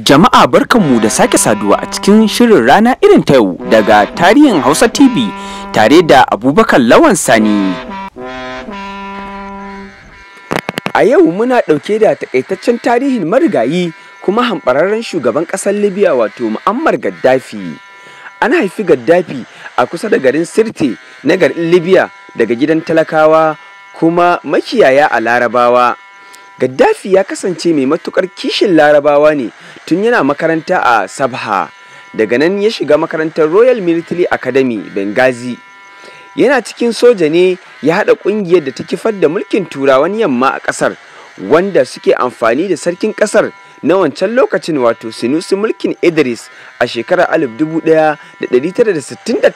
Jama'a barkanmu da sake saduwa a cikin shirin rana irin ta yau daga tarihin Hausa TV tare da Abubakar Lawan Sani. A yau muna ɗauke da takaitaccen tarihin marigayi kuma hamɓararren shugaban ƙasar Libya wato Muammar Gaddafi. An haifi Gaddafi a kusa da garin Sirte na garin Libya daga gidan talakawa kuma makiyaya a Larabawa. Gaddafi ya kasance mai matukar kishin larabawa ne tun yana makaranta a Sabha. Daga nan ya shiga makarantar Royal Military Academy Benghazi. Yana cikin soja ne ya haɗa ƙungiyar da ta kifar da mulkin turawan yamma a ƙasar wanda suke amfani da sarkin ƙasar na wancan lokacin wato sinusi mulkin Idris a shekarar 1969.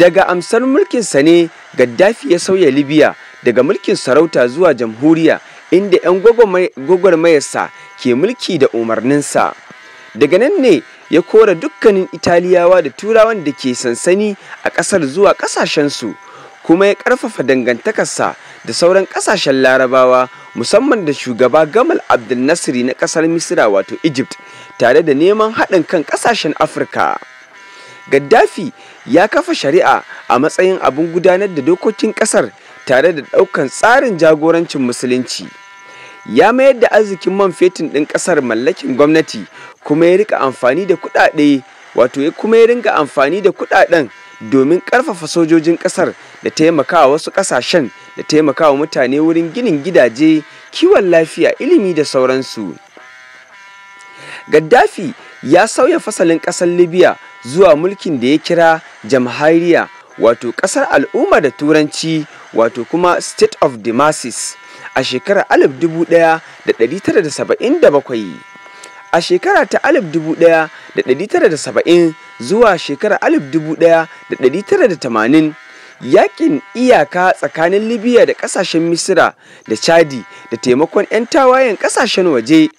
Daga amsar mulkinsa ne Gaddafi ya sauya Libya daga mulkin sarauta zuwa jamhuriya inda 'yan gwagwarmayarsa ke mulki da umarninsa daga nan ne ya kora dukkanin italiyawa da turawan da ke sansani a ƙasar zuwa ƙasashensu kuma ya ƙarfafa dangantakarsa da sauran ƙasashen larabawa musamman da shugaba gamal abdul nasiri na ƙasar misira wato egypt tare da neman haɗin kan ƙasashen afirka gaddafi ya kafa shari'a a matsayin abin gudanar da dokokin ƙasar tare da ɗaukan tsarin jagorancin musulunci ya mayar da arzikin man fetin ɗin ƙasar mallakin gwamnati kuma ya rika amfani da kuɗaɗe wato ya kuma ya ringa amfani da kuɗaɗen domin ƙarfafa sojojin ƙasar da taimakawa wasu ƙasashen da taimakawa mutane wurin ginin gidaje kiwon lafiya ilimi da sauransu gaddafi ya sauya fasalin ƙasar libya zuwa mulkin da ya kira jamhariya wato ƙasar al'umma da turanci wato kuma state of the masses a shekarar 1977 a shekara ta 1970 zuwa shekarar 1980 yakin iyaka tsakanin libya da kasashen misira da chadi da taimakon 'yan tawayen kasashen waje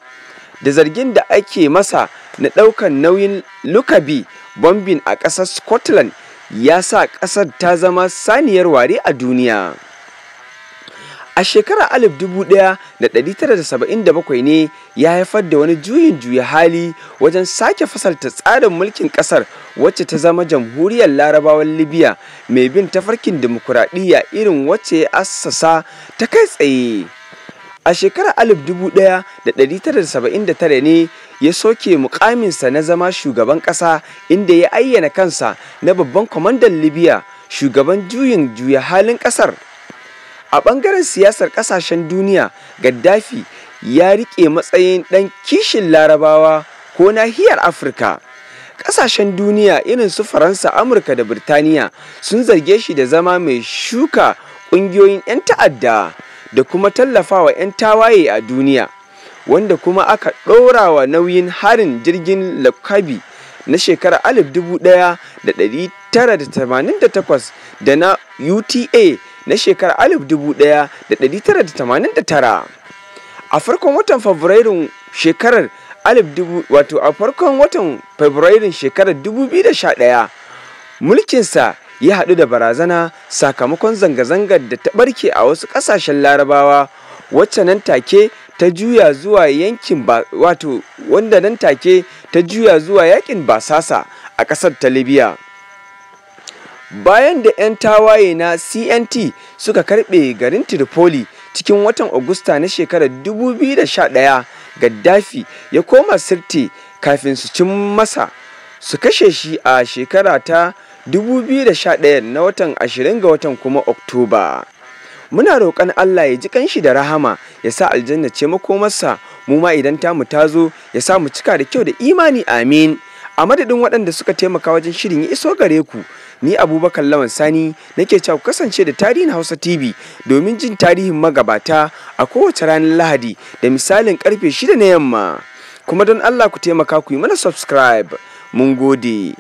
da zargin da ake masa na daukan nauyin lukabi bombin a ƙasar scotland ya sa ƙasar ta zama saniyar ware a duniya. A shekarar 1977 ne ya haifar da wani juyin juya hali wajen sake fasalta tsarin mulkin ƙasar wacce ta zama jamhuriyar larabawan Libya mai bin tafarkin dimokuraɗiyya irin wacce ya assasa ta kai tsaye. A shekarar 1979 ne ya soke mukaminsa na zama shugaban kasa inda ya ayyana kansa na babban kwamandan libya shugaban juyin juya halin kasar. a bangaren siyasar kasashen duniya gaddafi ya riƙe matsayin ɗan kishin larabawa ko nahiyar afirka ƙasashen duniya irin su faransa amurka da birtaniya sun zarge shi da zama mai shuka ƙungiyoyin 'yan ta'adda da kuma tallafawa 'yan tawaye a duniya wanda kuma aka ɗora wa nauyin harin jirgin Lakabi na shekarar 1988 da na UTA na shekarar 1989. A farkon watan Fabrairun shekarar wato a farkon watan Fabrairun shekarar 2011 mulkinsa ya haɗu da barazana sakamakon zanga-zangar da ta ɓarke a wasu ƙasashen larabawa wacce nan take ta juya zuwa yankin wato wanda nan take ta juya zuwa yakin basasa a ƙasar ta libya bayan da 'yan tawaye na cnt suka karbe garin tripoli cikin watan Agusta na shekarar 2011 Gaddafi ya koma sirti kafin su cin masa su kashe shi a shekara ta 2011 na watan 20 ga watan kuma Oktoba. muna roƙon Allah ya ji kanshi da rahama ya sa aljanna ce makomarsa mu ma idan tamu ta zo ya sa mu cika da kyau da imani amin a madadin waɗanda suka taimaka wajen shirin ya iso gare ku ni abubakar lawan sani nake cewa kasance da tarihin hausa tv domin jin tarihin magabata a kowace ranar lahadi da misalin karfe shida na yamma kuma don allah ku taimaka ku yi mana subscribe mun gode